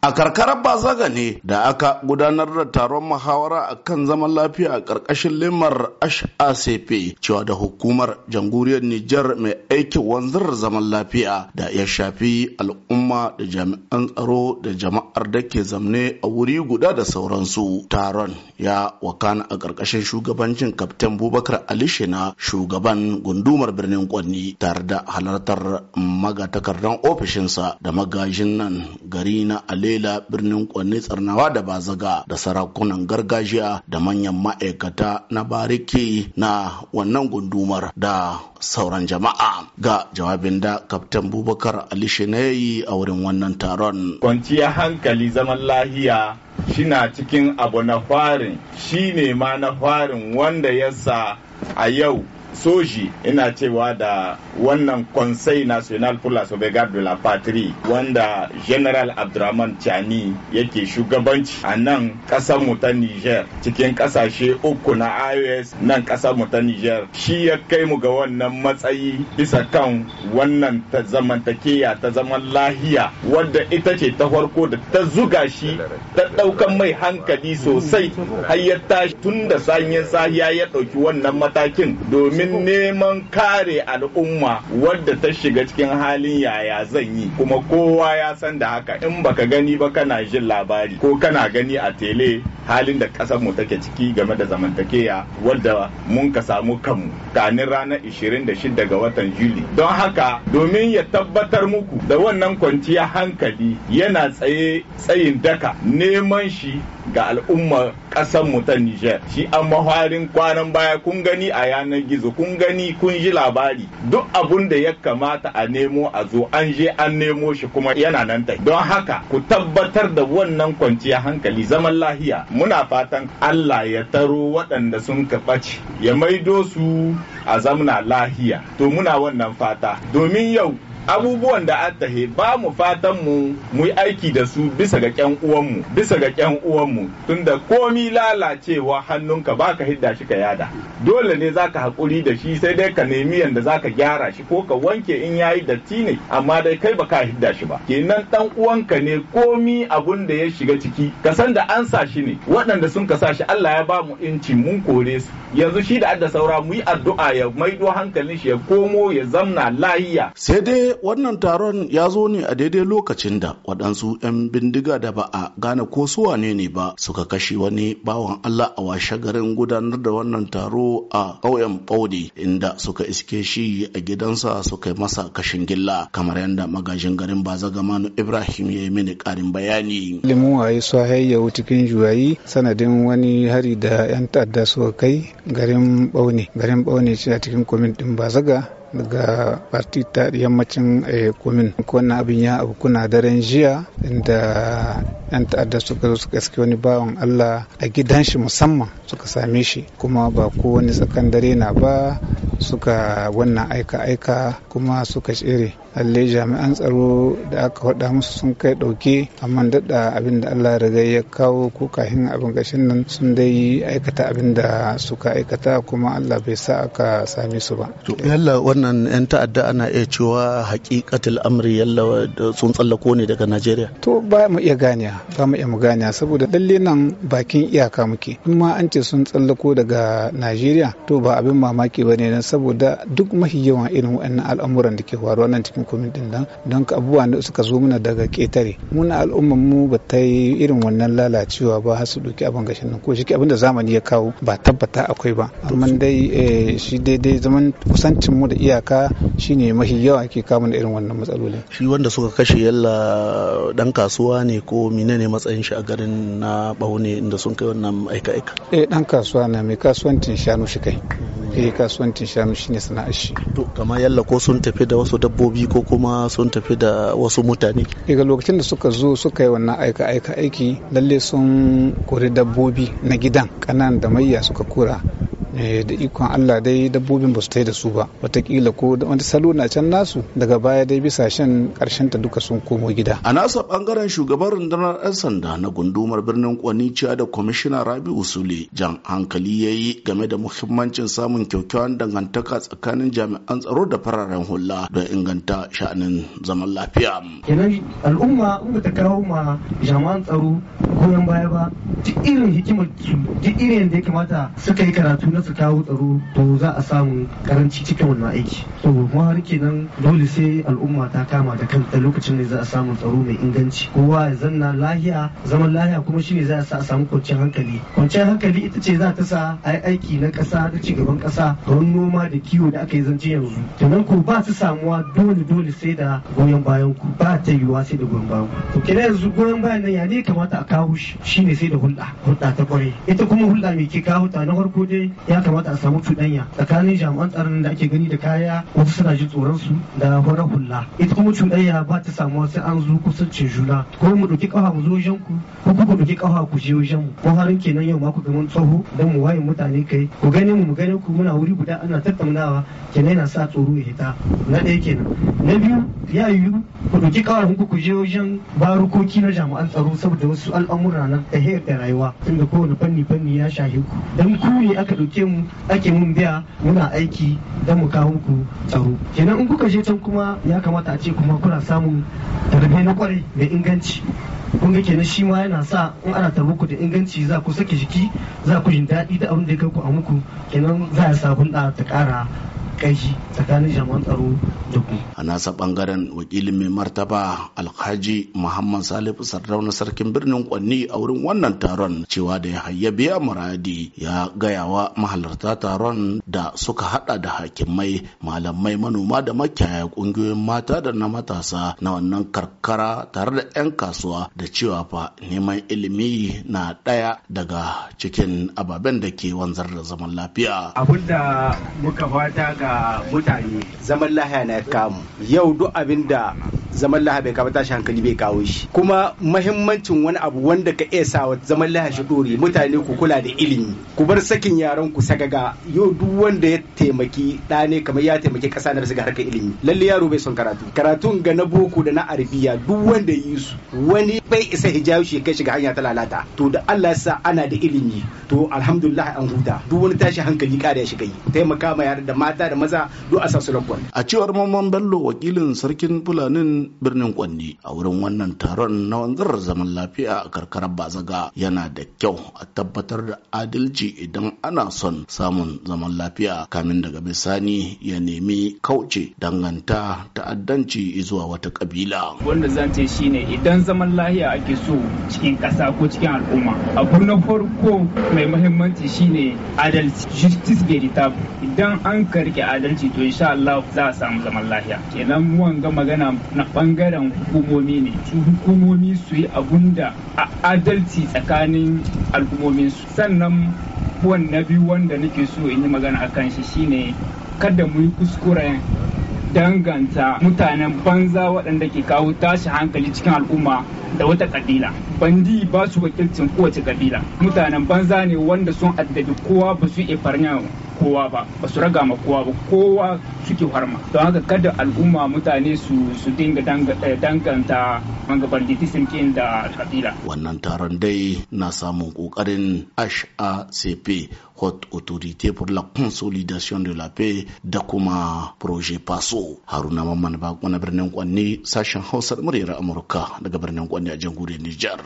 A karkarar Bazaga ne da aka gudanar da taron muhawara a kan zaman lafiya a ƙarƙashin limar HACP cewa da hukumar jamhuriyar Nijar mai aikin wanzar zaman lafiya da ya shafi al'umma da jami'an tsaro da jama'ar da ke zamne a wuri guda da sauransu. Taron ya wakana a ƙarƙashin shugabancin Kaftin Bubakar Ali Shina shugaban gundumar birnin Kwanni tare da halartar magatakardan ofishinsa da magajin nan gari na Ali lela birnin kwanne tsarnawa da bazaga da sarakunan gargajiya da manyan ma'aikata na bariki na wannan gundumar da sauran jama'a ga jawabin da kaftan bubakar ali shinayi a wurin wannan taron kwanciya hankali zaman lahiya shina cikin abu na farin shi ne ma na farin wanda yasa a yau soji ina cewa da wannan conseil national pour la sauvegarde de la patrie wanda general abdurrahman chani yake shugabanci a nan kasar mu ta niger cikin ƙasashe uku na ios nan kasar mu ta niger shi ya kai mu ga wannan matsayi bisa kan wannan ta zamantakeya ta zaman lahiya wadda ita ce ta farko da ta zuga shi ta ɗaukan mai hankali sosai har ya tashi tun da sanyin sahiya ya ɗauki wannan matakin domin domin neman kare al'umma wadda ta shiga cikin halin yaya zan yi kuma kowa ya san da haka in baka gani ba kana jin labari ko kana gani a tele halin da ƙasar mu take ciki game da zamantakeya wadda mun ka samu kanmu kanin ranar 26 ga watan Juli don haka domin ya tabbatar muku da wannan kwanciya hankali yana tsaye tsayin daka neman shi ga al'ummar ƙasar mu ta Nijar shi an maharin kwanan baya kun gani a yanar gizo kun gani kun ji labari duk abun da ya kamata a nemo a zo an je an nemo shi kuma yana nan ta don haka ku tabbatar da wannan kwanciya hankali zaman lahiya muna fatan Allah ya taro waɗanda sun ka ɓace ya maido su a zamna lahiya to muna wannan fata domin yau abubuwan da an tahe ba mu fatan mu mu yi aiki da su bisa ga kyan uwanmu bisa ga kyan uwanmu tunda komi lalacewa hannunka ba ka hidda shi ka yada dole ne za ka haƙuri da shi sai dai ka nemi yanda ka gyara shi ko ka wanke in ya yi datti ne amma dai kai ba ka hidda shi ba kenan ɗan uwanka ne komi abun da ya shiga ciki ka san da an sa shi ne waɗanda sun ka sa shi Allah ya ba mu inci mun kore su yanzu shi da adda saura mu yi addu'a ya maido hankalin shi ya komo ya zamna lahiya sai dai wannan taron ya zo ne a daidai lokacin da waɗansu 'yan bindiga da ba a gane ko su wane ne ba suka kashe wani bawan Allah a washe garin gudanar da wannan taro a ƙauyen Baudi inda suka iske shi a gidansa suka masa kashin gilla kamar yadda magajin garin Manu Ibrahim ya yi mini ƙarin bayani. Limu a yi ya cikin juwayi sanadin wani hari da 'yan ta'adda suka kai garin Baune. garin Bauni ce a cikin kwamitin ɗin Bazaga daga parti ta yammacin eh, kumin wannan abin ya abu kuna daren jiya inda yan ta'adda suka zo suka iske wani bawan Allah a gidan shi musamman suka same shi kuma ba ko wani tsakan dare na ba suka wannan aika-aika kuma suka tsere alle jami'an tsaro da aka hada musu sun kai ɗauke amma daɗa abin da allah riga ya kawo ko kahin abin gashin nan sun dai aikata abin da suka aikata kuma allah bai sa aka same su ba. to yalla wannan yan ta'adda ana iya cewa haƙiƙatul amri yalla sun tsallako ne daga najeriya. to ba mu iya ganiya ba mu iya mu ganiya saboda lalle nan bakin iyaka muke in ma an ce sun tsallako daga najeriya to ba abin mamaki ba ne saboda duk mafi yawan irin waɗannan al'amuran da ke faruwa nan cikin komin din nan don abubuwa da suka zo mana daga ƙetare muna al'ummar mu ba ta yi irin wannan lalacewa ba har su doki abin gashin nan ko shi abin da zamani ya kawo ba tabbata akwai ba amma dai eh, shi daidai zaman kusancin mu da iyaka shine mafi yawa ke kawo mana irin wannan matsalolin shi wanda suka kashe yalla dan kasuwa ne ko ne matsayin shi a garin na bauni inda sun kai wannan aika aika eh dan kasuwa na mai kasuwancin shanu shi kai mm. eh tausaya mishi shine sana'ar shi to kamar yalla ko sun tafi da wasu dabbobi ko kuma sun tafi da wasu mutane daga lokacin da suka zo suka yi wannan aika aika aiki lalle sun kori dabbobi na gidan kanan da mayya suka kura Eh, da ikon Allah dai dabbobin ba su tai da su ba watakila ko wani salo na can nasu daga baya dai bisa shan karshen ta duka sun komo gida a nasa bangaren shugaban rundunar 'yan sanda na gundumar birnin kwanicciya da kwamishina rabi usule jan hankali ya yi game da muhimmancin samun kyakkyawan dangantaka tsakanin jami'an tsaro da fararen hula don inganta sha'anin zaman lafiya kenan al'umma in ta kawo ma jami'an tsaro goyon baya ba duk irin hikimar su duk irin da ya kamata suka yi karatu na su kawo tsaro to za a samu karanci cikin wannan aiki to kuma har kenan dole sai al'umma ta kama da kanta lokacin ne za a samu tsaro mai inganci kowa ya zanna lahiya zaman lahiya kuma shine za a samu kwanciyar hankali kwanciyar hankali ita ce za ta sa a yi aiki na ƙasa da cigaban ƙasa don noma da kiwo da aka yi zance yanzu to nan ko ba su samuwa dole dole sai da goyon bayan ku ba ta yiwuwa sai da goyon bayan ku to kenan yanzu goyon bayan nan ya ne kamata a kawo shi ne sai da hulɗa hulɗa ta kwarai ita kuma hulɗa mai ke kawo ta na farko dai ya kamata a samu cuɗanya tsakanin jami'an tsaron da ake gani da kaya wasu suna jin tsoron su da hore hula ita kuma cuɗanya ba ta samuwa sai an zo kusancin juna ko mu ɗauki ƙafa mu zo wajen ku ko ku ɗauki ƙafa ku je wajen mu ko harin kenan yau ma ku ga tsoho don mu waye mutane kai ku gani mu mu gani ku muna wuri guda ana tattaunawa kenan yana sa tsoro ya hita na ɗaya kenan na biyu ya yiwu ku ɗauki ƙafa ku je wajen barukoki na jami'an tsaro saboda wasu al'amuran al'amura na tahiyar da rayuwa da kowane fanni fanni ya shahi ku dan ku ne aka dauke mu ake mun biya muna aiki dan mu kawo ku tsaro kenan in kuka je can kuma ya kamata a ce kuma kuna samun tarbiyya na kwarai da inganci kun ga kenan shi ma yana sa in ana tarbo ku da inganci za ku sake jiki za ku jin daɗi da abin da ya kai ku a muku kenan za a sabunta ta ƙara kaishi tsakanin jami'an tsaro da ku. A nasa bangaren wakilin mai martaba Alhaji Muhammad Salihu na sarkin birnin Kwanni a wurin wannan taron cewa da ya biya muradi ya gayawa mahalarta taron da suka hada da hakimai malamai manoma da makiyaya kungiyoyin mata da na matasa na wannan karkara tare da 'yan kasuwa da cewa fa neman ilimi na daya daga cikin ababen da ke wanzar da zaman lafiya. Abin da muka fata ga mutane zaman lahiya na ya kamu yau duk abin da zaman laha bai kawo tashi hankali bai kawo shi kuma mahimmancin wani abu wanda ka iya sa zaman laha shi dore mutane ku kula da ilimi ku bar sakin yaran ku sagaga yau duk wanda ya taimaki da ne kamar ya taimaki kasa na ga harkar ilimi lalle yaro bai son karatu karatun ga na boko da na arabiya duk wanda yi su wani bai isa hijabi shi kai shiga hanya ta lalata to da Allah sa ana da ilimi to alhamdulillah an huta duk wani tashi hankali kare shi yi. taimaka ma yara da mata da maza duk a sa su a cewar mamman bello wakilin sarkin fulanin birnin Kwanni a wurin wannan taron na wanzar zaman lafiya a karkarar Bazaga yana da kyau a tabbatar da adalci idan ana son samun zaman lafiya kamin daga bisani ya nemi kauce danganta ta'addanci zuwa wata kabila. Wanda zan ce shine idan zaman lafiya ake so cikin ƙasa ko cikin al'umma abu na farko mai muhimmanci shine adalci justice veritable idan an karke adalci to insha Allah za a samu zaman lafiya kenan ga magana na bangaren hukumomi ne su hukumomi su yi abun da a adalci tsakanin su sannan buwan na biyu wanda nake so in yi magana akan shi shine kada mu yi kuskuren danganta mutanen banza waɗanda ke kawo tashi hankali cikin al'umma da wata kabila bandi ba su wakilcin kowace kabila mutanen banza ne wanda sun addabi kowa ba su iya kowa ba ba su raga ma kowa ba kowa suke harma don haka kada al'umma mutane su su dinga eh, danganta mangabanditisin kin da kabila wannan taron dai na samun kokarin HACP Hot Autorité pour la Consolidation de la Paix da kuma Projet Paso Haruna Mamman Bako na birnin kwanne sashen Hausar muryar Amurka daga birnin kwanne a jamhuriyar Nijar